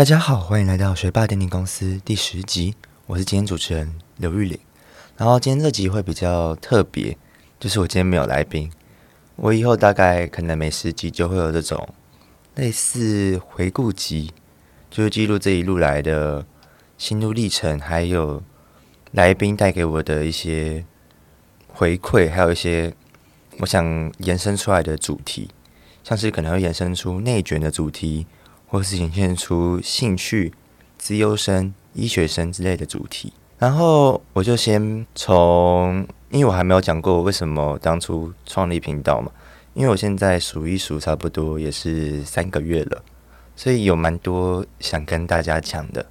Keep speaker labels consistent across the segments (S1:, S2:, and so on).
S1: 大家好，歡迎來到學霸電競公司第十集。我是今天主持人劉玉玲，然後今天這集會比較特別，就是我今天沒有來賓。我以後大概可能每十集就會有這種類似回顧集，就是記錄這一路來的心路歷程，還有來賓帶給我的一些回饋，還有一些我想延伸出來的主題，像是可能會延伸出內捲的主題。或是衍伸出興趣、資優生、醫學生之類的主題。然後我就先從，因為我還沒有講過我為什麼當初創立頻道嘛，因為我現在數一數差不多也是三個月了，所以有蠻多想跟大家講的。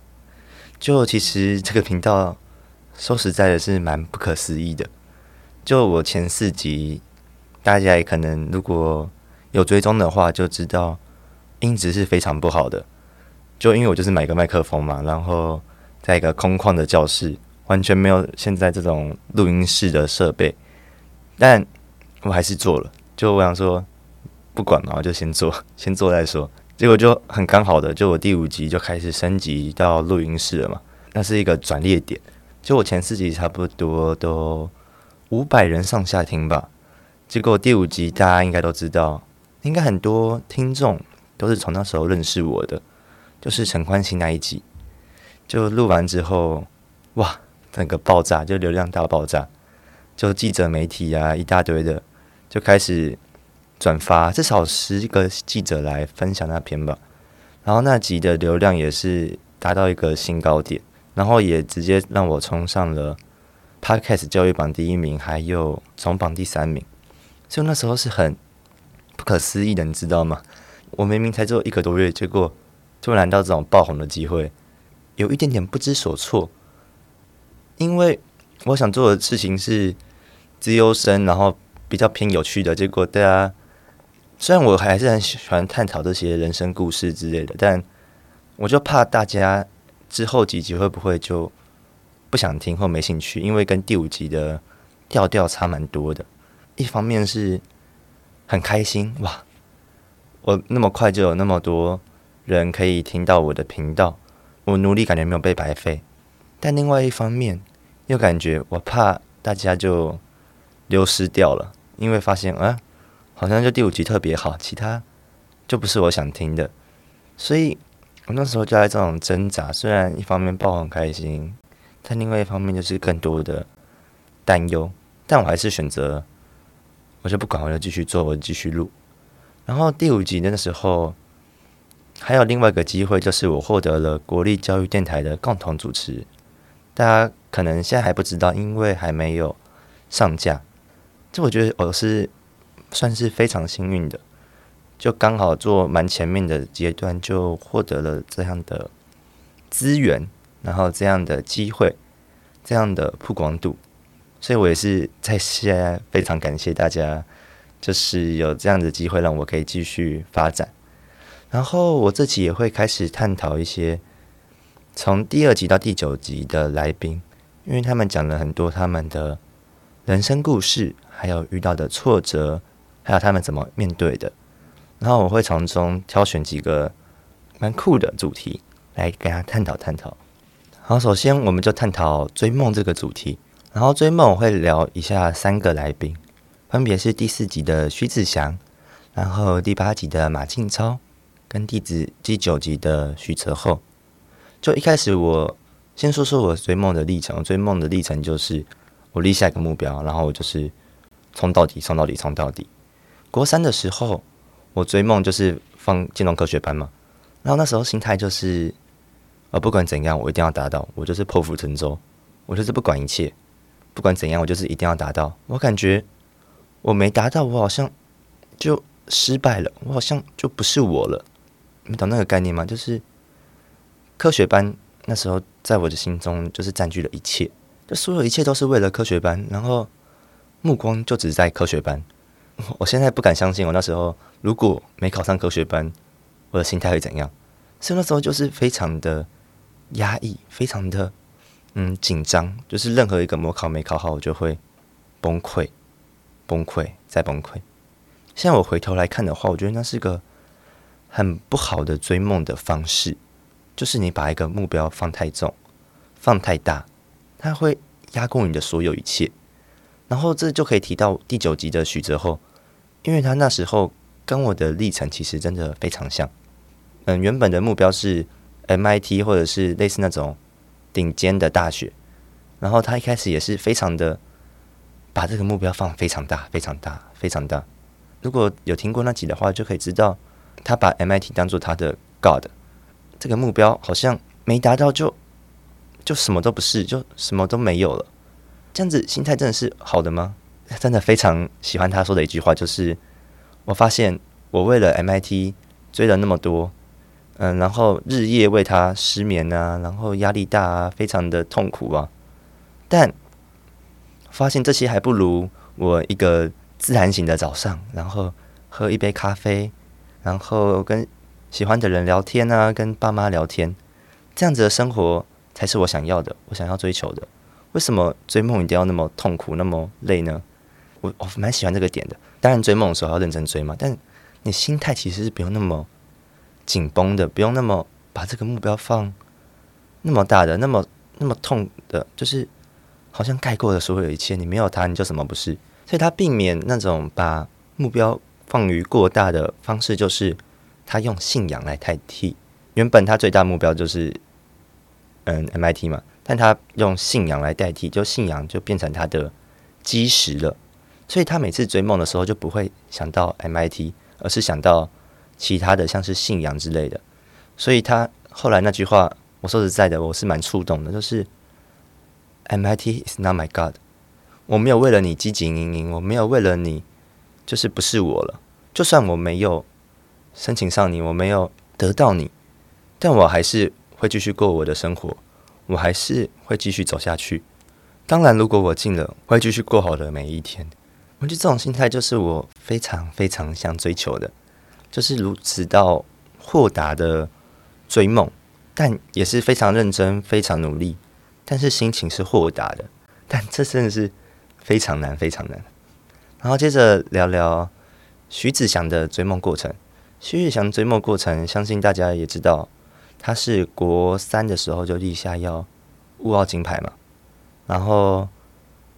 S1: 就其實這個頻道，說實在的是蠻不可思議的。就我前四集，大家也可能如果有追蹤的話，就知道。音質是非常不好的，就因為我就是買個麥克風嘛，然後在一個空曠的教室，完全沒有現在這種錄音室的設備，但我還是做了。就我想說，不管嘛，我就先做，先做再說。結果就很剛好的，就我第五集就開始升級到錄音室了嘛。那是一個轉捩點。就我前四集差不多都五百人上下聽吧，結果第五集大家應該都知道，應該很多聽眾。都是從那時候認識我的，就是陳冠希那一集，就錄完之後，哇，整個爆炸，就流量大爆炸，就記者媒體啊一大堆的就開始轉發，至少十個記者來分享那篇吧。然後那集的流量也是達到一個新高點，然後也直接讓我衝上了 Podcast 教育榜第一名，還有總榜第三名。就那時候是很不可思議的，你知道嗎？我明明才做一個多月，結果就拿到這種爆紅的機會，有一點點不知所措。因為我想做的事情是資優生，然後比較偏有趣的。結果大家、啊、雖然我還是很喜歡探討這些人生故事之類的，但我就怕大家之後幾集會不會就不想聽或沒興趣，因為跟第五集的調調差蠻多的。一方面是很開心哇。我那麼快就有那麼多人可以聽到我的頻道，我努力感覺沒有被白費，但另外一方面又感覺我怕大家就流失掉了，因為發現啊、嗯，好像就第五集特別好，其他就不是我想聽的，所以我那時候就在這種掙扎。雖然一方面爆紅很開心，但另外一方面就是更多的擔憂。但我還是選擇，我就不管，我就繼續做，我就繼續錄。然後第五集那時候，還有另外一個機會，就是我獲得了國立教育電台的共同主持。大家可能現在還不知道，因為還沒有上架。這我覺得我是算是非常幸運的，就剛好做蠻前面的階段，就獲得了這樣的資源，然後這樣的機會，這樣的曝光度。所以我也是在下非常感謝大家。就是有這樣的機會讓我可以繼續發展，然後我這集也會開始探討一些從第二集到第九集的來賓，因為他們講了很多他們的人生故事，還有遇到的挫折，還有他們怎麼面對的。然後我會從中挑選幾個蠻酷的主題來跟他探討探討。好，首先我們就探討追夢這個主題，然後追夢我會聊一下三個來賓。分別是第四集的徐志祥，然後第八集的馬慶超，跟弟子第九集的徐澤厚。就一開始，我先說說我追夢的歷程。我追夢的歷程就是我立下一個目標，然後我就是衝到底，衝到底，衝到底。國三的時候，我追夢就是放金融科學班嘛。然後那時候心態就是，啊，不管怎樣，我一定要達到，我就是破釜沉舟，我就是不管一切，不管怎樣，我就是一定要達到。我感覺。我沒達到，我好像就失敗了，我好像就不是我了。你懂那個概念嗎？就是科學班那時候在我的心中就是佔據了一切，就所有一切都是為了科學班，然後目光就只在科學班。我，我現在不敢相信，我那時候如果沒考上科學班，我的心態會怎樣？所以那時候就是非常的壓抑，非常的嗯緊張，就是任何一個模考沒考好，我就會崩潰，崩潰，再崩潰。現在我回頭來看的話，我覺得那是個很不好的追夢的方式，就是你把一個目標放太重，放太大，它會壓過你的所有一切。然後這就可以提到第九集的許澤厚，因為他那時候跟我的歷程其實真的非常像。嗯，原本的目標是 MIT 或者是類似那種頂尖的大學，然後他一開始也是非常的。把這個目標放非常大，非常大，非常大。如果有聽過那集的話，就可以知道他把 MIT 當做他的 God。這個目標好像沒達到，就就什麼都不是，就什麼都沒有了。這樣子心態真的是好的嗎？真的非常喜歡他說的一句話，就是我發現我為了 MIT 追了那麼多，嗯，然後日夜為他失眠啊，然後壓力大啊，非常的痛苦啊，但。發現這些還不如我一個自然型、自然醒的早上，然後喝一杯咖啡，然後跟喜歡的人聊天啊，跟爸媽聊天，這樣子的生活才是我想要的，我想要追求的。為什麼追夢一定要那麼痛苦、那麼累呢？我我蠻喜歡這個點的。當然追夢的時候要認真追嘛，但你心態其實是不用那麼緊繃的，不用那麼把這個目標放那麼大的，那麼那麼痛的，就是。好像概括了所有一切，你沒有他，你就什麼不是。所以他避免那種把目標放於過大的方式，就是他用信仰來代替。原本他最大目標就是嗯 MIT 嘛，但他用信仰來代替，就信仰就變成他的基石了。所以他每次追夢的時候就不會想到 MIT，而是想到其他的，像是信仰之類的。所以他後來那句話，我說實在的，我是蠻觸動的，就是。MIT is not my God。我沒有為了你汲汲營營，我沒有為了你，就是不是我了。就算我沒有申請上你，我沒有得到你，但我還是會繼續過我的生活，我還是會繼續走下去。當然，如果我進了，我會繼續過好的每一天。我覺得這種心態就是我非常非常想追求的，就是如此到豁達的追夢，但也是非常認真、非常努力。但是心情是豁達的，但這真的是非常難，非常難。然後接着聊聊徐子祥的追夢過程。徐子祥追夢過程，相信大家也知道，他是國三的時候就立下要物奧金牌嘛。然後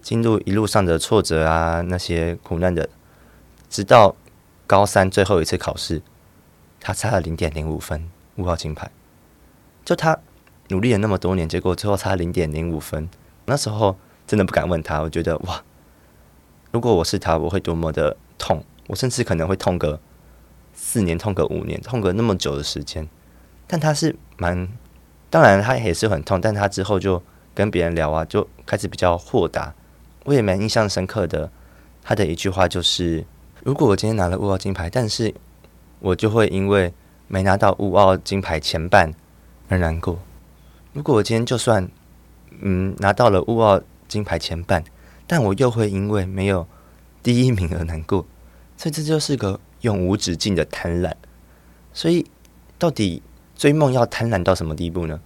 S1: 經歷一路上的挫折啊，那些苦難的，直到高三最後一次考試，他差了零點零五分物奧金牌，就他。努力了那麼多年，結果最後差零點零五分。那時候真的不敢問他，我覺得哇，如果我是他，我會多麼的痛，我甚至可能會痛個四年、痛個五年、痛個那麼久的時間。但他是蠻……當然他也是很痛，但他之後就跟別人聊啊，就開始比較豁達。我也蠻印象深刻的，他的一句話就是：“如果我今天拿了物奧金牌，但是我就會因為沒拿到物奧金牌前半而難過。”如果我今天就算嗯拿到了物奧金牌前半，但我又會因為沒有第一名而難過，所以這就是個永無止境的貪婪。所以，到底追夢要貪婪到什麼地步呢？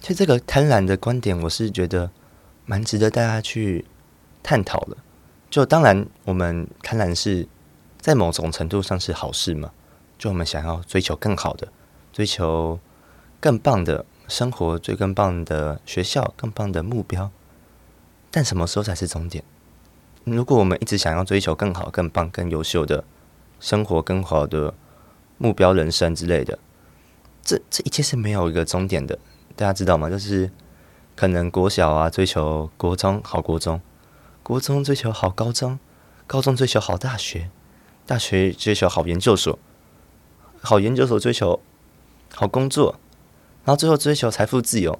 S1: 所以這個貪婪的觀點，我是覺得蠻值得大家去探討的。就當然，我們貪婪是在某種程度上是好事嘛？就我們想要追求更好的，追求更棒的。生活最更棒的學校，更棒的目標，但什麼時候才是終點？如果我們一直想要追求更好、更棒、更優秀的，生活更好的目標、人生之類的，這這一切是沒有一個終點的。大家知道嗎？就是可能國小啊追求國中好國中，國中追求好高中，高中追求好大學，大學追求好研究所，好研究所追求好工作。然後最後追求財富自由，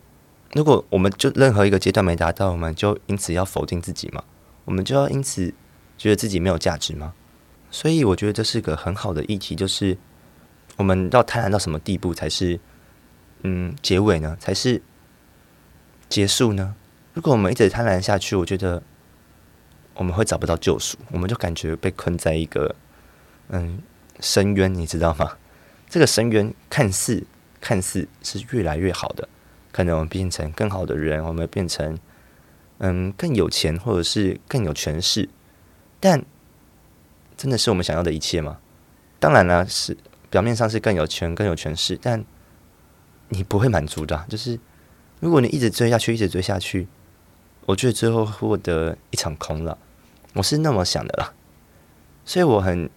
S1: 如果我們就任何一個階段沒達到，我們就因此要否定自己嘛？我們就要因此覺得自己沒有價值嗎？所以我覺得這是個很好的議題，就是我們要貪婪到什麼地步才是，嗯，結尾呢？才是結束呢？如果我們一直貪婪下去，我覺得我們會找不到救贖，我們就感覺被困在一個，嗯，深淵，你知道嗎？這個深淵看似。看似是越來越好的，可能我們變成更好的人，我們變成嗯更有錢或者是更有權勢，但真的是我們想要的一切嗎？當然了，是表面上是更有權更有權勢，但你不會滿足的啊。就是如果你一直追下去，一直追下去，我覺得最後獲得一場空了。我是那麼想的啦，所以我很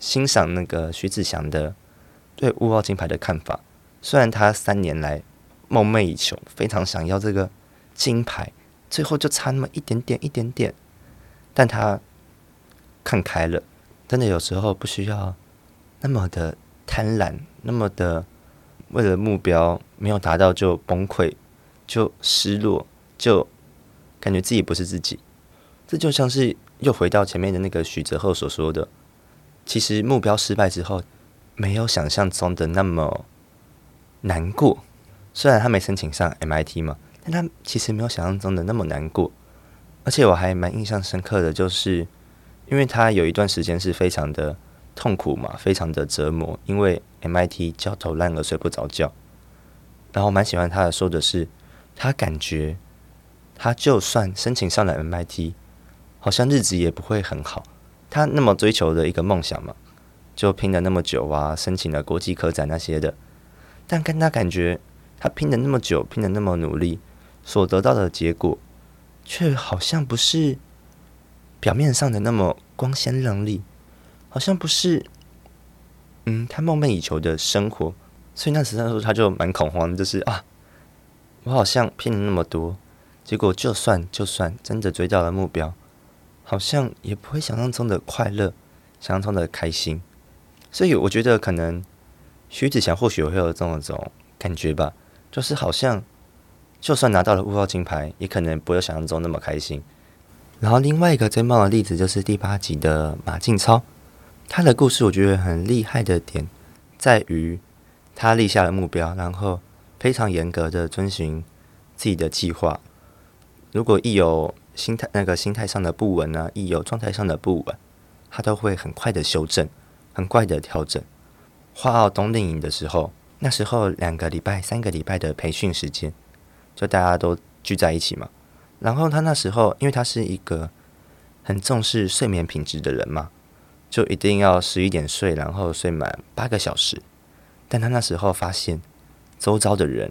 S1: 欣賞那個徐子祥的對物奧金牌的看法。雖然他三年來夢寐以求，非常想要這個金牌，最後就差那麼一點點、一點點，但他看開了。真的，有時候不需要那麼的貪婪，那麼的為了目標沒有達到就崩潰、就失落、就感覺自己不是自己。這就像是又回到前面的那個許澤厚所說的，其實目標失敗之後，沒有想象中的那麼。難過，雖然他沒申請上 MIT 嘛，但他其實沒有想象中的那麼難過。而且我還蠻印象深刻的，就是因為他有一段時間是非常的痛苦嘛，非常的折磨，因為 MIT 焦頭爛額睡不着覺。然後蠻喜歡他的說的是，他感覺他就算申請上了 MIT，好像日子也不會很好。他那麼追求的一個夢想嘛，就拼了那麼久啊，申請了國際科展那些的。但跟他感覺，他拼的那麼久，拼的那麼努力，所得到的結果，卻好像不是表面上的那麼光鮮亮麗，好像不是嗯他夢寐以求的生活。所以那時候，他就蠻恐慌，就是啊，我好像拼了那麼多，結果就算就算真的追到了目標，好像也不會想像中的快樂，想像中的開心。所以我覺得可能。徐子翔或許會有這種感覺吧，就是好像就算拿到了物奧金牌，也可能沒有想象中那麼開心。然後另外一個真棒的例子就是第八集的馬靜超，他的故事我覺得很厲害的點在於他立下了目標，然後非常嚴格的遵循自己的計劃。如果一有心態那個心態上的不穩啊，一有狀態上的不穩，他都會很快的修正，很快的調整。畫奧冬令營的時候，那時候兩個禮拜、三個禮拜的培訓時間，就大家都聚在一起嘛。然後他那時候，因為他是一個很重視睡眠品質的人嘛，就一定要十一點睡，然後睡滿八個小時。但他那時候發現，周遭的人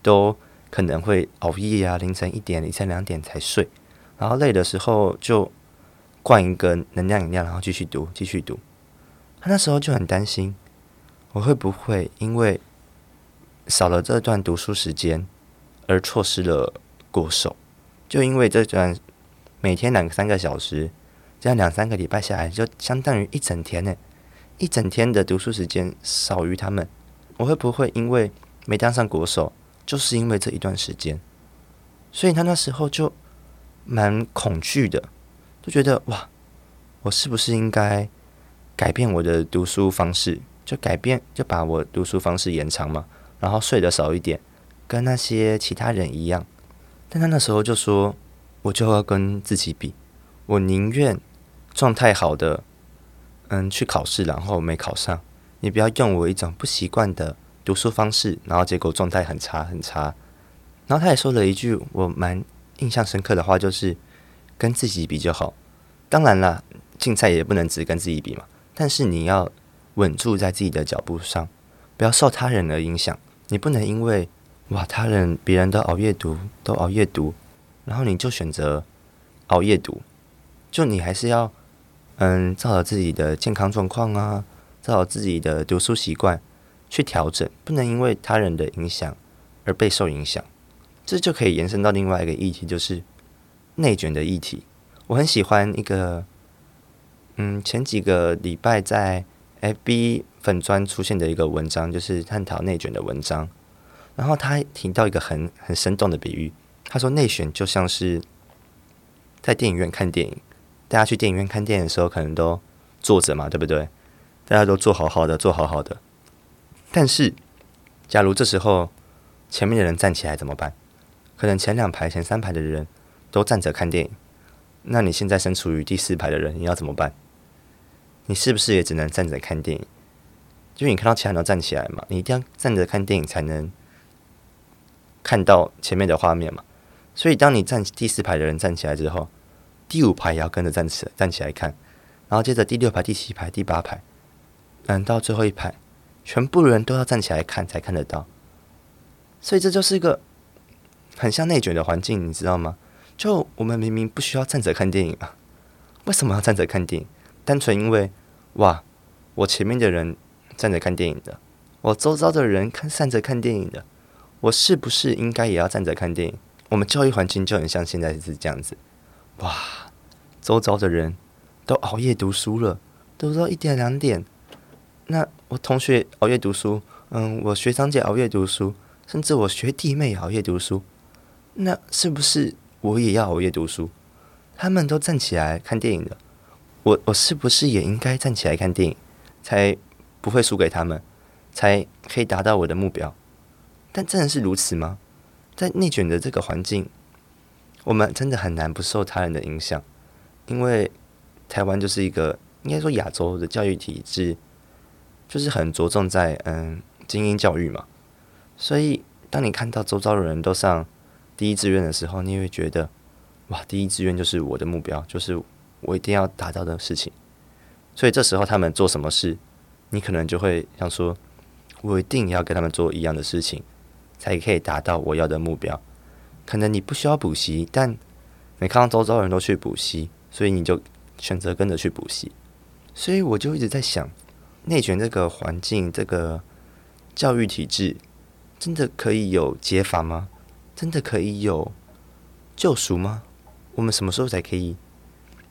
S1: 都可能會熬夜啊，凌晨一點、凌晨兩點才睡，然後累的時候就灌一個能量飲料，然後繼續讀，繼續讀。他那時候就很擔心，我會不會因為少了這段讀書時間而錯失了國手？就因為這段每天兩三個小時，這樣兩三個禮拜下來，就相當於一整天呢，一整天的讀書時間少於他們，我會不會因為沒當上國手，就是因為這一段時間？所以他那時候就蠻恐懼的，就覺得哇，我是不是應該？改變我的讀書方式，就改變，就把我讀書方式延長嘛，然後睡得少一點，跟那些其他人一樣。但他那時候就說，我就要跟自己比，我寧願狀態好的，嗯，去考試然後沒考上，你不要用我一種不習慣的讀書方式，然後結果狀態很差很差。然後他也說了一句我蠻印象深刻的話，就是跟自己比就好。當然啦，競賽也不能只跟自己比嘛。但是你要穩住在自己的腳步上，不要受他人的影響。你不能因為哇，他人別人都熬夜讀，都熬夜讀，然後你就選擇熬夜讀。就你還是要嗯，照著自己的健康狀況啊，照著自己的讀書習慣去調整，不能因為他人的影響而備受影響。這就可以延伸到另外一個議題，就是內卷的議題。我很喜歡一個。嗯，前幾個禮拜在 FB 粉專出現的一個文章，就是探討內捲的文章。然後他提到一個很很生動的比喻，他說內捲就像是在電影院看電影。大家去電影院看電影的時候，可能都坐着嘛，對不對？大家都坐好好的，坐好好的。但是，假如這時候前面的人站起來怎麼辦？可能前兩排、前三排的人都站着看電影。那你現在身處於第四排的人，你要怎麼辦？你是不是也只能站着看電影？就是你看到其他人都站起來嘛，你一定要站着看電影才能看到前面的畫面嘛。所以，當你站第四排的人站起來之後，第五排也要跟着站起來，站起來看。然後接着第六排、第七排、第八排，嗯，到最後一排，全部人都要站起來看才看得到。所以，這就是一個很像內捲的環境，你知道嗎？就我們明明不需要站着看電影啊，為什麼要站着看電影？單純因為，哇，我前面的人站着看電影的，我周遭的人看站着看電影的，我是不是應該也要站着看電影？我們教育環境就很像現在是這樣子，哇，周遭的人都熬夜讀書了，讀到一點兩點，那我同學熬夜讀書，嗯，我學長姐熬夜讀書，甚至我學弟妹熬夜讀書，那是不是？我也要熬夜讀書，他們都站起來看電影的，我我是不是也應該站起來看電影，才不會輸給他們，才可以達到我的目標？但真的是如此嗎？在內捲的這個環境，我們真的很難不受他人的影響，因為台灣就是一個應該說亞洲的教育體制，就是很着重在嗯，精英教育嘛，所以當你看到周遭的人都上。第一志願的時候，你會覺得，哇，第一志願就是我的目標，就是我一定要達到的事情。所以這時候他們做什麼事，你可能就會想說，我一定要跟他們做一樣的事情，才可以達到我要的目標。可能你不需要補習，但每看到周遭人都去補習，所以你就選擇跟着去補習。所以我就一直在想，內捲這個環境、這個教育體制，真的可以有解法嗎？真的可以有救贖嗎？我們什麼時候才可以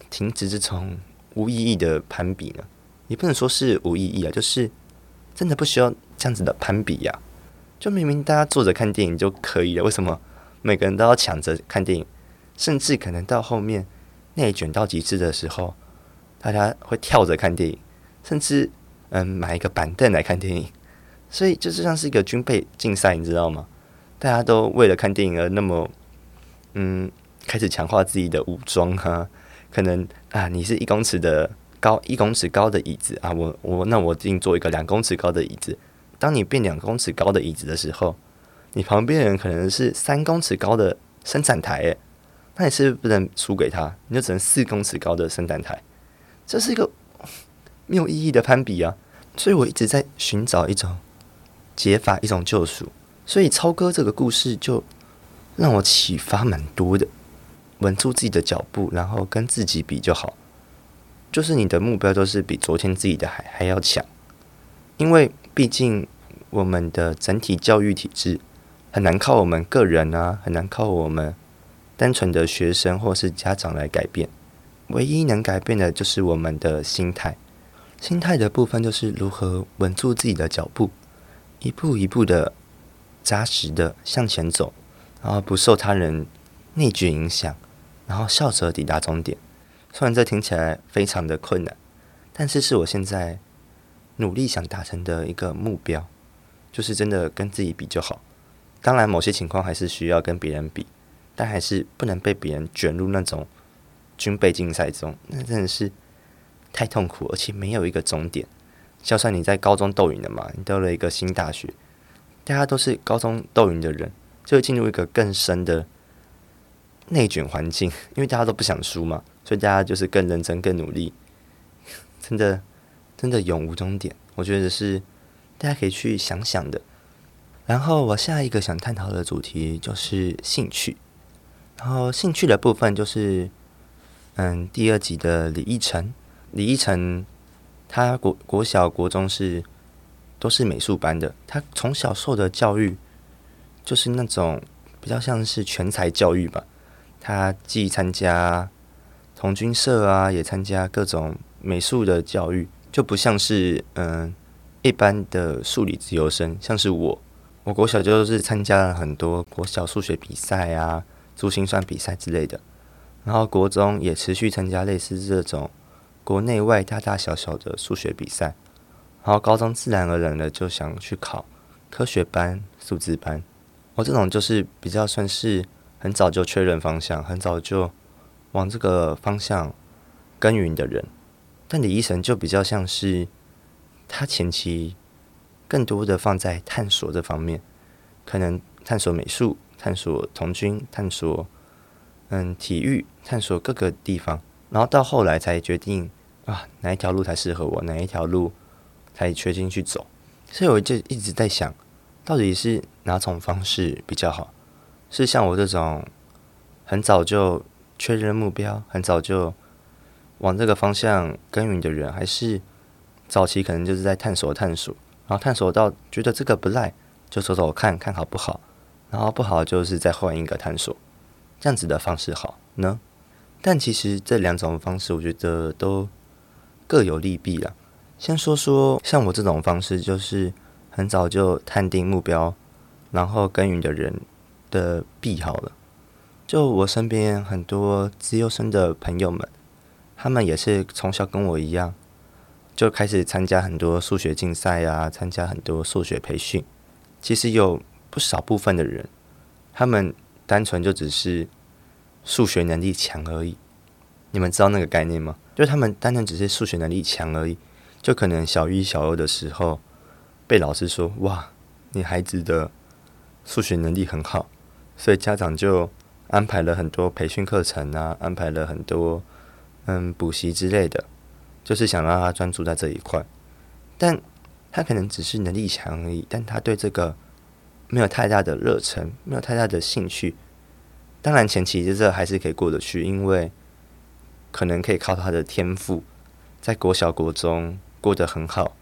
S1: 停止這種無意義的攀比呢？也不能說是無意義啊，就是真的不需要這樣子的攀比呀、啊。就明明大家坐着看電影就可以了，為什麼每個人都要搶着看電影？甚至可能到後面內捲到極致的時候，大家會跳着看電影，甚至嗯買一個板凳來看電影。所以這就是像是一個軍備競賽，你知道嗎？大家都為了看電影而那麼，嗯，開始強化自己的武裝哈。可能啊，你是一公尺的高一公尺高的椅子啊，我我那我定做一個兩公尺高的椅子。當你變兩公尺高的椅子的時候，你旁邊人可能是三公尺高的生產台誒，那你是不是不能輸給他，你就只能四公尺高的生產台。這是一個沒有意義的攀比啊！所以我一直在尋找一種解法，一種救贖。所以超哥這個故事就讓我啟發蠻多的，穩住自己的腳步，然後跟自己比就好。就是你的目標都是比昨天自己的還還要強，因為畢竟我們的整體教育體制很難靠我們個人啊，很難靠我們單純的學生或是家長來改變。唯一能改變的就是我們的心態。心態的部分就是如何穩住自己的腳步，一步一步的。紮實的向前走，然後，不受他人內卷影響，然後笑着抵達終點。雖然這聽起來非常的困難，但是是我現在努力想達成的一個目標，就是真的跟自己比就好。當然，某些情況還是需要跟別人比，但還是不能被別人卷入那種軍備競賽中。那真的是太痛苦，而且沒有一個終點。就算你在高中鬥贏了嘛，你到了一個新大學。大家都是高中鬥贏的人，就會進入一個更深的內捲環境，因為大家都不想輸嘛，所以大家就是更認真、更努力，真的，真的永無終點。我覺得是大家可以去想想的。然後我下一個想探討的主題就是興趣，然後興趣的部分就是，嗯，第二集的李依晨，李依晨他國國小、國中是。都是美術班的，他從小受的教育就是那種比較像是全才教育吧。他既參加童軍社啊，也參加各種美術的教育，就不像是嗯、呃、一般的數理資優生，像是我，我國小就是參加了很多國小數學比賽啊、珠心算比賽之類的，然後國中也持續參加類似這種國內外大大小小的數學比賽。然後高中自然而然的就想去考科學班、數資班。我、哦、這種就是比較算是很早就確認方向，很早就往這個方向耕耘的人。但李醫生就比較像是他前期更多的放在探索這方面，可能探索美術、探索童軍、探索嗯體育、探索各個地方，然後到後來才決定啊哪一條路才適合我，哪一條路。才確定去走，所以我就一直在想，到底是哪種方式比較好？是像我這種很早就確認目標、很早就往這個方向耕耘的人，還是早期可能就是在探索、探索，然後探索到覺得這個不賴，就走走看看好不好，然後不好就是再換一個探索，這樣子的方式好呢？但其實這兩種方式，我覺得都各有利弊啦。先說說像我這種方式，就是很早就探定目標，然後耕耘的人的弊好了。就我身邊很多資優生的朋友們，他們也是從小跟我一樣，就開始參加很多數學競賽啊，參加很多數學培訓。其實有不少部分的人，他們單純就只是數學能力強而已。你們知道那個概念嗎？就是他們單純只是數學能力強而已。就可能小一、小二的時候，被老師說：“哇，你孩子的數學能力很好。”所以家長就安排了很多培訓課程啊，安排了很多嗯補習之類的，就是想讓他專注在這一塊。但他可能只是能力強而已，但他對這個沒有太大的熱忱，沒有太大的興趣。當然，前期這還是可以過得去，因為可能可以靠他的天賦，在國小、國中。過得很好，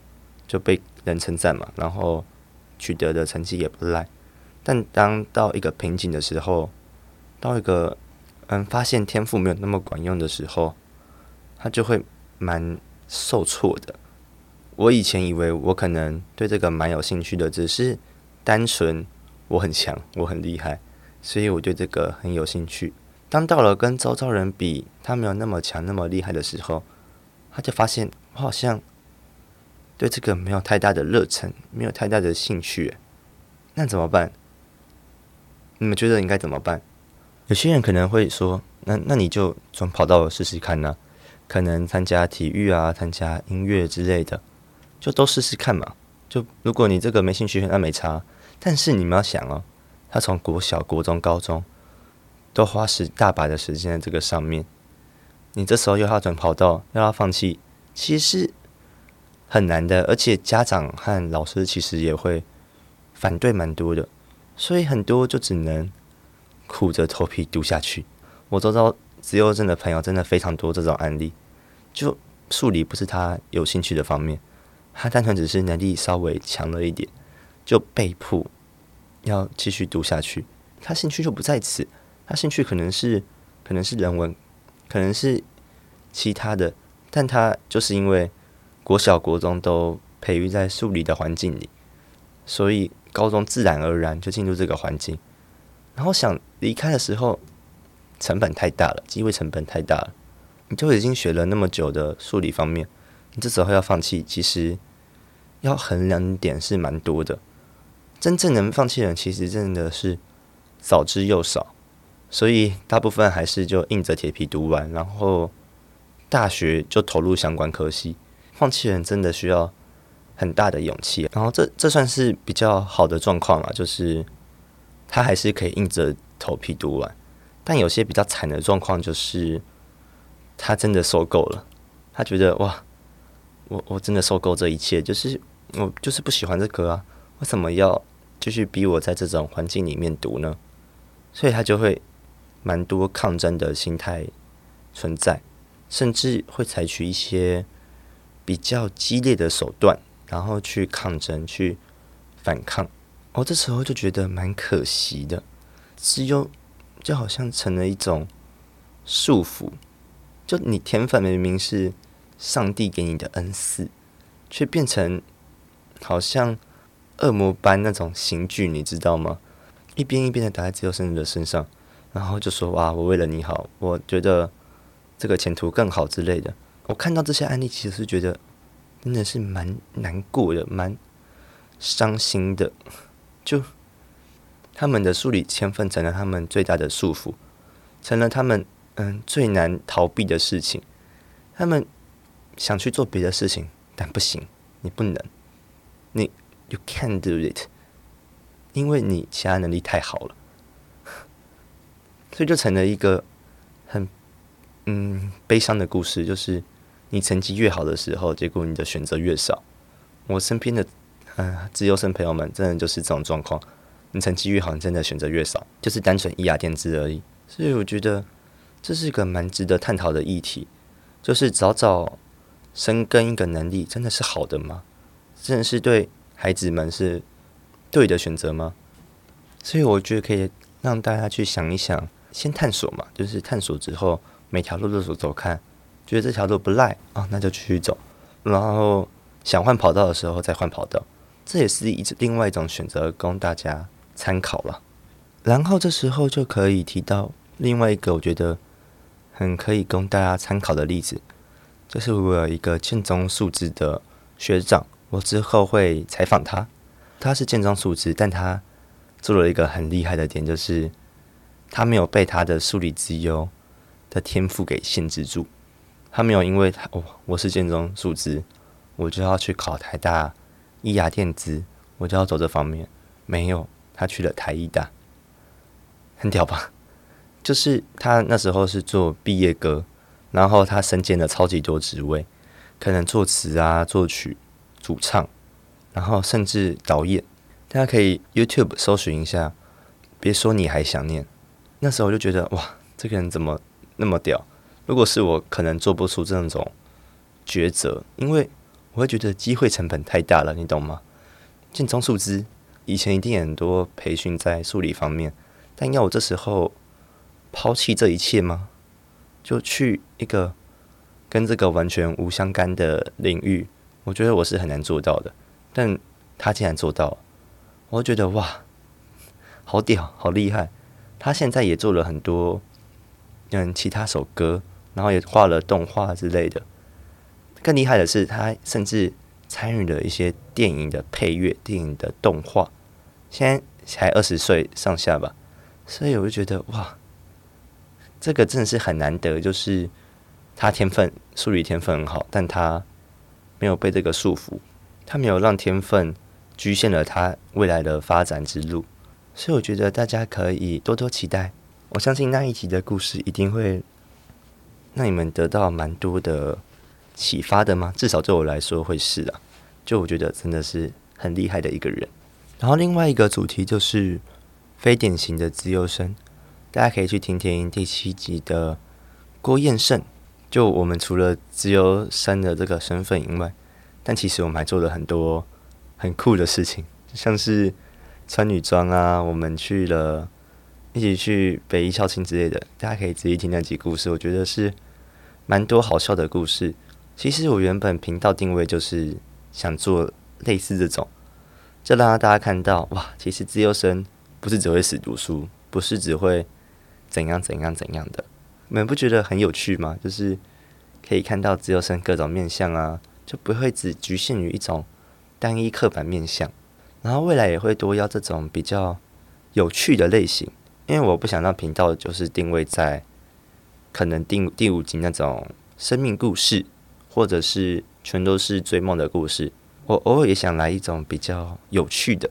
S1: 就被人稱讚嘛，然後取得的成績也不賴，但當到一個瓶頸的時候，到一個，嗯，發現天賦沒有那麼管用的時候，他就會蠻受挫的。我以前以為我可能對這個蠻有興趣的，只是單純我很強，我很厲害，所以我對這個很有興趣。當到了跟周遭人比，他沒有那麼強那麼厲害的時候，他就發現我好像。對這個沒有太大的熱忱，沒有太大的興趣，那怎麼辦？你們覺得應該怎麼辦？有些人可能會說：“那那你就轉跑道試試看吶、啊，可能參加體育啊，參加音樂之類的，就都試試看嘛。就”就如果你這個沒興趣，那沒差。但是你們要想哦，他從國小、國中、高中都花時大把的時間在這個上面，你這時候又要轉跑道，要他放棄，其實，很難的，而且家長和老師其實也會反對蠻多的，所以很多就只能硬著頭皮讀下去。我周遭資優生真的朋友真的非常多這種案例，就數理不是他有興趣的方面，他單純只是能力稍微強了一點，就被迫要繼續讀下去。他興趣就不在此，他興趣可能是可能是人文，可能是其他的，但他就是因為。國小、國中都培育在數理的環境裡，所以高中自然而然就進入這個環境。然後想離開的時候，成本太大了，機會成本太大了。你就已經學了那麼久的數理方面，你這時候要放棄，其實要衡量點是蠻多的。真正能放棄的人，其實真的是少之又少。所以大部分還是就硬着頭皮讀完，然後大學就投入相關科系。放棄人真的需要很大的勇氣，然後這這算是比較好的狀況嘛，就是他還是可以硬着頭皮讀完。但有些比較慘的狀況就是，他真的受夠了，他覺得哇，我我真的受夠這一切，就是我就是不喜歡這個啊，為什麼要繼續逼我在這種環境裡面讀呢？所以他就會蠻多抗爭的心態存在，甚至會採取一些。比較激烈的手段，然後去抗爭、去反抗，哦，這時候就覺得蠻可惜的，資優就好像成了一種束縛。就你天分明明是上帝給你的恩賜，卻變成好像惡魔般那種刑具，你知道嗎？一鞭一鞭的打在資優生的身上，然後就說：“哇，我為了你好，我覺得這個前途更好之類的。”我看到這些案例，其實是覺得真的是蠻難過的，蠻傷心的。就他們的數理天份成了他們最大的束縛，成了他們嗯最難逃避的事情。他們想去做別的事情，但不行，你不能。你 you can't do it，因為你其他能力太好了，所以就成了一個很嗯悲傷的故事，就是。你成績越好的時候，結果你的選擇越少。我身邊的呃，資優生朋友們，真的就是這種狀況。你成績越好，你真的選擇越少，就是單純一雅、啊、電子而已。所以我覺得這是一個蠻值得探討的議題，就是早早深耕一個能力，真的是好的嗎？真的是對孩子們是對的選擇嗎？所以我覺得可以讓大家去想一想，先探索嘛，就是探索之後，每條路都走走看，覺得這條路不賴啊，哦，那就繼續走。然後想換跑道的時候再換跑道，這也是一另外一種選擇，供大家參考了。然後這時候就可以提到另外一個我覺得很可以供大家參考的例子，就是我有一個建中數資的學長，我之後會採訪他。他是建中數資，但他做了一個很厲害的點，就是他沒有被他的數理資優的天賦給限制住。他沒有因為他哦，我是建中數資，我就要去考台大醫牙電資，我就要走這方面。沒有，他去了台藝大，很屌吧？就是他那時候是做畢業歌，然後他身兼了超級多職位，可能作詞啊、作曲、主唱，然後甚至導演。大家可以 YouTube 搜尋一下。別說你還想念，那時候我就覺得哇，這個人怎麼那麼屌？如果是我，可能做不出這種抉擇，因為我會覺得機會成本太大了，你懂嗎？建中數資以前一定很多培訓在數理方面，但要我這時候拋棄這一切嗎？就去一個跟這個完全無相干的領域，我覺得我是很難做到的。但他竟然做到，我覺得哇，好屌，好厲害！他現在也做了很多嗯其他首歌。然後也畫了動畫之類的，更厲害的是，他甚至參與了一些電影的配樂、電影的動畫。現在才二十歲上下吧，所以我就覺得哇，這個真的是很難得，就是他天分、數理天分很好，但他沒有被這個束縛，他沒有讓天分局限了他未來的發展之路。所以我覺得大家可以多多期待，我相信那一集的故事一定會。那你們得到蠻多的啟發的嗎？至少對我來說會是啊。就我覺得真的是很厲害的一個人。然後另外一個主題就是非典型的資優生，大家可以去聽聽第七集的郭豔勝。就我們除了資優生的這個身份以外，但其實我們還做了很多很酷的事情，像是穿女裝啊，我們去了。一起去北一校慶之類的，大家可以仔細聽那幾集故事，我覺得是蠻多好笑的故事。其實我原本頻道定位就是想做類似這種，就讓大家看到哇，其實資優生不是只會死讀書，不是只會怎樣怎樣怎樣的，你們不覺得很有趣嗎？就是可以看到資優生各種面向啊，就不會只局限於一種單一刻板面向。然後未來也會多要這種比較有趣的類型。因為我不想讓頻道就是定位在，可能第五第五集那種生命故事，或者是全都是追夢的故事，我偶爾也想來一種比較有趣的，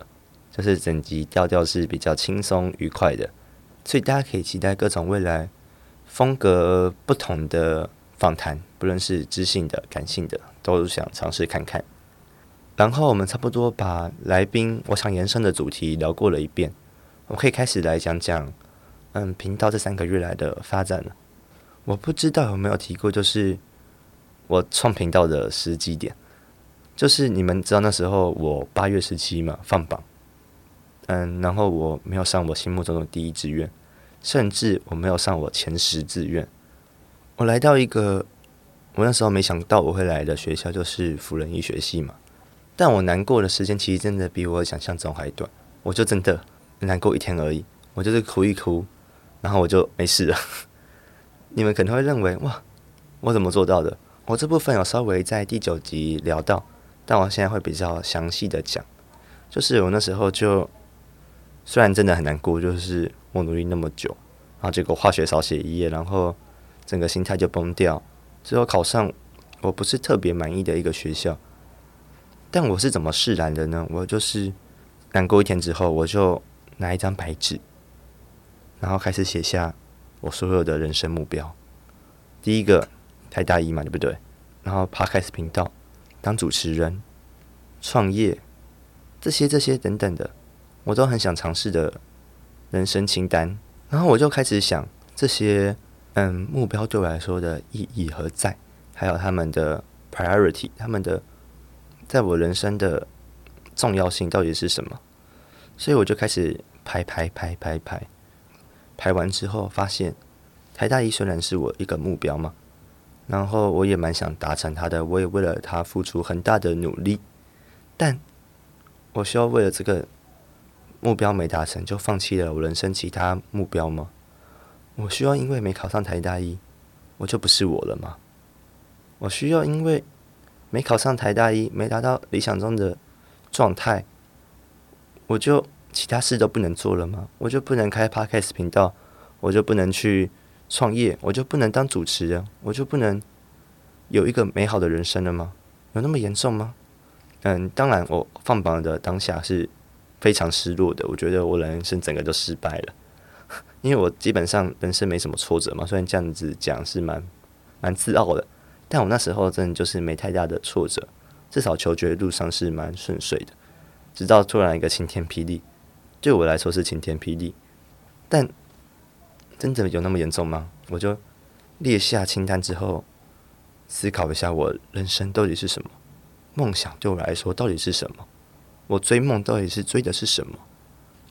S1: 就是整集調調是比較輕鬆愉快的，所以大家可以期待各種未來風格不同的訪談，不論是知性的、感性的，都想嘗試看看。然後我們差不多把來賓我想延伸的主題聊過了一遍，我可以開始來講講，嗯，頻道這三個月來的發展了。我不知道有沒有提過，就是我創頻道的時機點，就是你們知道那時候我八月十七嘛，放榜，嗯，然後我沒有上我心目中的第一志願，甚至我沒有上我前十志願。我來到一個我那時候沒想到我會來的學校，就是輔仁醫學系嘛。但我難過的時間其實真的比我想象中還短，我就真的。難過一天而已，我就是哭一哭，然後我就沒事了。 你們可能會認為哇，我怎麼做到的？我這部分有稍微在第九集聊到，但我現在會比較詳細的講，就是我那時候就雖然真的很難過，就是我努力那麼久，然後結果化學少寫一頁，然後整個心態就崩掉，最後考上我不是特別滿意的一個學校，但我是怎麼釋然的呢？我就是難過一天之後，我就。拿一張白紙，然後開始寫下我所有的人生目標。第一個，台大醫嘛，對不對？然後 Podcast 頻道，當主持人，創業，這些這些等等的，我都很想嘗試的人生清單。然後我就開始想，這些嗯目標對我來說的意義何在？還有他們的 Priority，他們的在我人生的重要性到底是什麼？.所以我就開始拍拍拍拍拍，拍完之後發現，台大醫雖然是我一個目標嘛，然後我也蠻想達成它的，我也為了它付出很大的努力，但，我需要為了這個目標沒達成就放棄了我人生其他目標嗎？我需要因為沒考上台大醫，我就不是我了嗎？我需要因為沒考上台大醫，沒達到理想中的狀態？我就其他事都不能做了嗎？我就不能開 podcast 頻道？我就不能去創業？我就不能當主持人？我就不能有一個美好的人生了嗎？有那麼嚴重嗎？嗯，當然，我放榜的當下是非常失落的。我覺得我人生整個都失敗了， 因為我基本上人生沒什麼挫折嘛。雖然這樣子講是蠻蠻自傲的，但我那時候真的就是沒太大的挫折，至少求學路上是蠻順遂的。直到突然一個晴天霹靂，對我來說是晴天霹靂，但真的有那麼嚴重嗎？我就列下清單之後，思考一下我人生到底是什麼，夢想對我來說到底是什麼，我追夢到底是追的是什麼？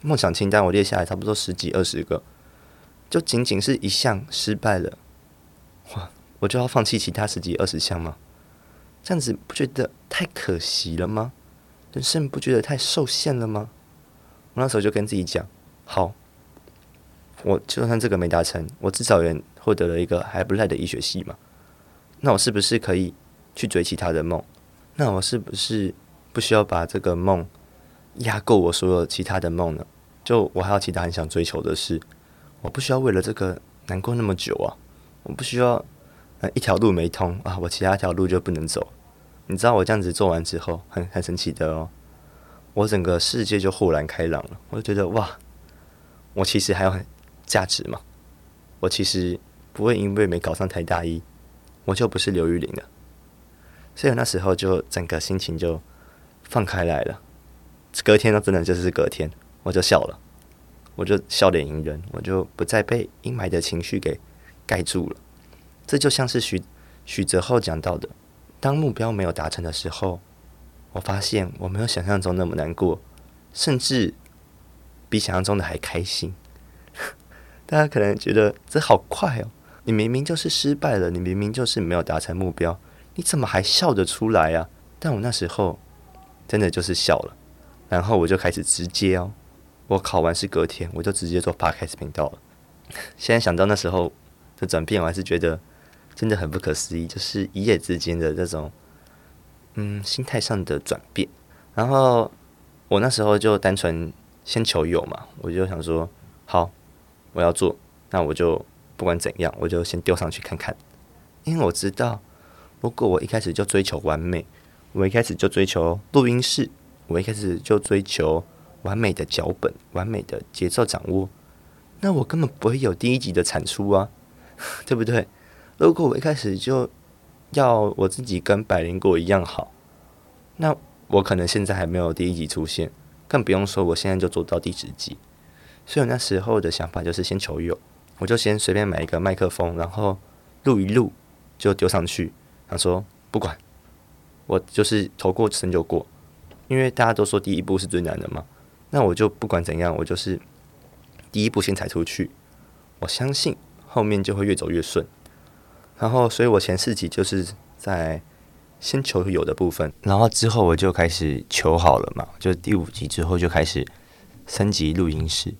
S1: 夢想清單我列下來差不多十幾二十個，就僅僅是一項失敗了，哇！我就要放棄其他十幾二十項嗎？這樣子不覺得太可惜了嗎？人生不覺得太受限了嗎？我那時候就跟自己講，好，我就算這個沒達成，我至少也獲得了一個還不賴的醫學系嘛。那我是不是可以去追其他的夢？那我是不是不需要把這個夢壓過我所有其他的夢呢？就我還有其他很想追求的事，我不需要為了這個難過那麼久啊。我不需要一條路沒通啊，我其他條路就不能走。你知道我這樣子做完之後，很很神奇的哦，我整個世界就豁然開朗了。我就覺得哇，我其實還有很價值嘛，我其實不會因為沒搞上台大一，我就不是劉玉玲了。所以那時候就整個心情就放開來了。隔天那真的就是隔天，我就笑了，我就笑臉迎人，我就不再被陰霾的情緒給蓋住了。這就像是許許澤厚講到的。當目標沒有達成的時候，我發現我沒有想象中那麼難過，甚至比想象中的還開心。大家可能覺得這好快哦，你明明就是失敗了，你明明就是沒有達成目標，你怎麼還笑得出來啊？但我那時候真的就是笑了，然後我就開始直接哦，我考完試隔天，我就直接做 Podcast 頻道了。現在想到那時候的轉變，我還是覺得。真的很不可思議，就是一夜之間的這種，嗯，心態上的轉變。然後我那時候就單純先求有嘛，我就想說，好，我要做，那我就不管怎樣，我就先丟上去看看。因為我知道，如果我一開始就追求完美，我一開始就追求錄音室，我一開始就追求完美的腳本、完美的節奏掌握，那我根本不會有第一集的產出啊， 對不對？如果我一開始就要我自己跟百靈果一樣好，那我可能現在還沒有第一集出現，更不用說我現在就做到第十集。所以我那時候的想法就是先求有，我就先隨便買一個麥克風，然後錄一錄，就丟上去。他說不管，我就是頭過身就過，因為大家都說第一步是最難的嘛。那我就不管怎樣，我就是第一步先踩出去，我相信後面就會越走越順。然後，所以我前四集就是在先求有的部分，然後之後我就開始求好了嘛，就第五集之後就開始升級錄音室。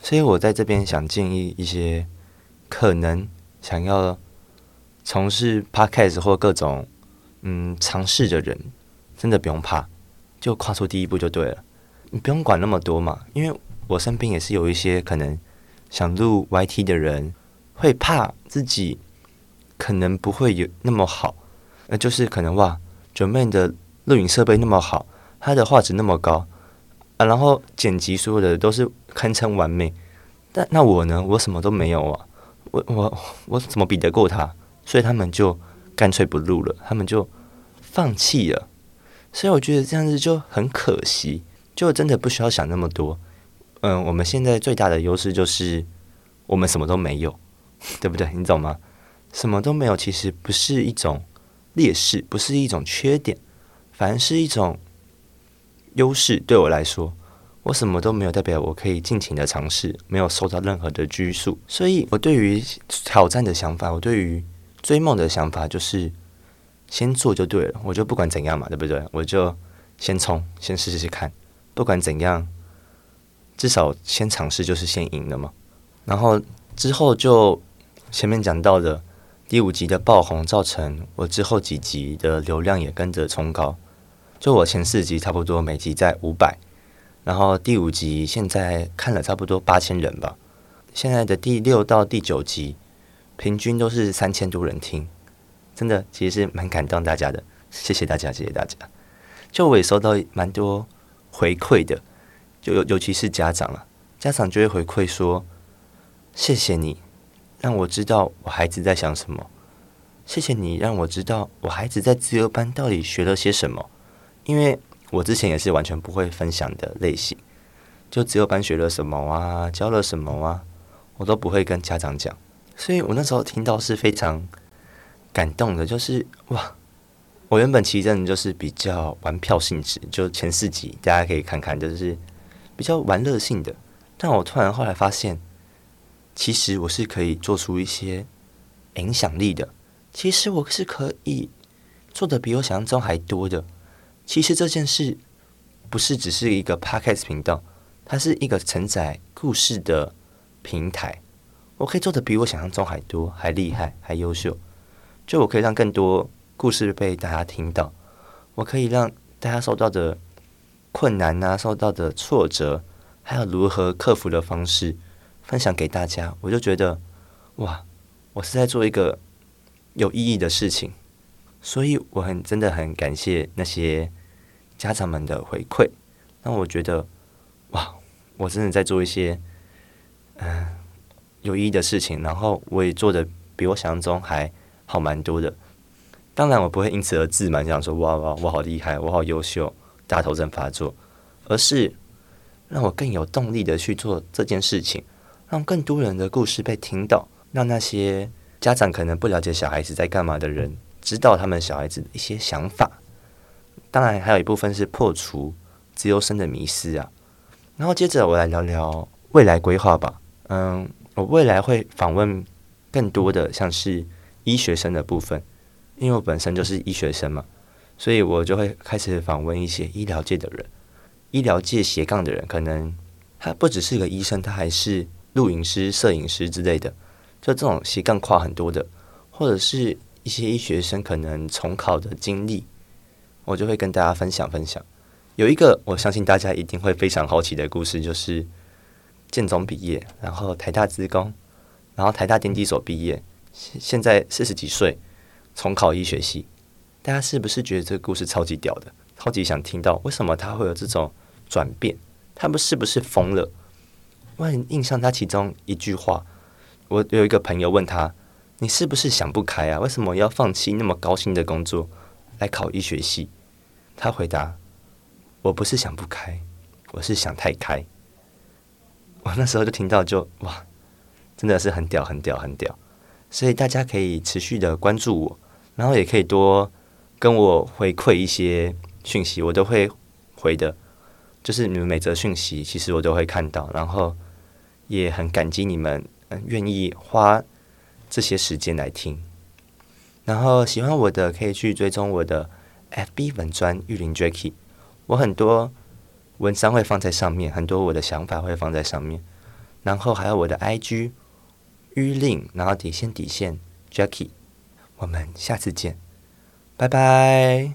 S1: 所以我在這邊想建議一些可能想要從事 podcast 或各種嗯嘗試的人，真的不用怕，就跨出第一步就對了。你不用管那麼多嘛，因為我身邊也是有一些可能想錄 YT 的人會怕自己。可能不會有那麼好，那、呃、就是可能哇，準備的錄影設備那麼好，它的畫質那麼高，啊，然後剪輯所有的都是堪稱完美，但那我呢？我什麼都沒有啊，我我我怎麼比得過他？所以他們就乾脆不錄了，他們就放棄了。所以我覺得這樣子就很可惜，就真的不需要想那麼多。嗯，我們現在最大的優勢就是我們什麼都沒有， 對不對？你懂嗎？什麼都沒有，其實不是一種劣勢，不是一種缺點，反而是一種優勢。對我來說，我什麼都沒有，代表我可以盡情的嘗試，沒有受到任何的拘束。所以，我對於挑戰的想法，我對於追夢的想法，就是先做就對了。我就不管怎樣嘛，對不對？我就先衝，先試試看，不管怎樣，至少先嘗試就是先贏了嘛。然後之後就前面講到的。第五集的爆紅造成我之後幾集的流量也跟着衝高，就我前四集差不多每集在五百，然後第五集現在看了差不多八千人吧，現在的第六到第九集平均都是三千多人聽，真的其實是蠻感動大家的，謝謝大家，謝謝大家，就我也收到蠻多回饋的，就尤尤其是家長了啊，家長就會回饋說謝謝你，讓我知道我孩子在想什麼。謝謝你讓我知道我孩子在自由班到底學了些什麼，因為我之前也是完全不會分享的類型，就自由班學了什麼啊，教了什麼啊，我都不會跟家長講。所以我那時候聽到是非常感動的，就是哇，我原本其實真的就是比較玩票性質，就前四集大家可以看看，就是比較玩樂性的。但我突然後來發現。其實我是可以做出一些影響力的。其實我是可以做的比我想象中還多的。其實這件事不是只是一個 podcast 頻道，它是一個承載故事的平台。我可以做的比我想象中還多，還厲害，還優秀。就我可以讓更多故事被大家聽到。我可以讓大家受到的困難啊，受到的挫折，還有如何克服的方式。分享給大家，我就覺得，哇，我是在做一個有意義的事情，所以我很真的很感謝那些家長們的回饋，讓我覺得，哇，我真的在做一些，嗯、呃，有意義的事情，然後我也做的比我想象中還好蠻多的。當然，我不會因此而自滿，想說哇哇，我好厲害，我好優秀，大頭症發作，而是讓我更有動力的去做這件事情。讓更多人的故事被聽到，讓那些家長可能不了解小孩子在幹嘛的人知道他們小孩子的一些想法。當然，還有一部分是破除資優生的迷思啊。然後接着我來聊聊未來規劃吧。嗯，我未來會訪問更多的像是醫學生的部分，因為我本身就是醫學生嘛，所以我就會開始訪問一些醫療界的人，醫療界斜槓的人，可能他不只是一個醫生，他還是。錄影師、攝影師之類的，就這種系更跨很多的，或者是一些醫學生可能重考的經歷，我就會跟大家分享分享。有一個我相信大家一定會非常好奇的故事，就是建中畢業，然後台大資工，然後台大電機所畢業，現現在四十幾歲重考醫學系，大家是不是覺得這個故事超級屌的，超級想聽到為什麼他會有這種轉變？他們是不是瘋了？我很印象他其中一句話，我有一個朋友問他：“你是不是想不開啊？為什麼要放棄那麼高薪的工作來考醫學系？”他回答：“我不是想不開，我是想太開。”我那時候就聽到就哇，真的是很屌，很屌，很屌！所以大家可以持續的關注我，然後也可以多跟我回饋一些訊息，我都會回的。就是你們每則訊息，其實我都會看到，然後。也很感激你們，嗯，願意花這些時間來聽。然後喜歡我的可以去追蹤我的 FB 文專玉林 Jackie。我很多文章會放在上面，很多我的想法會放在上面。然後還有我的 IG 玉林，然後底線底線 Jackie。我們下次見，拜拜。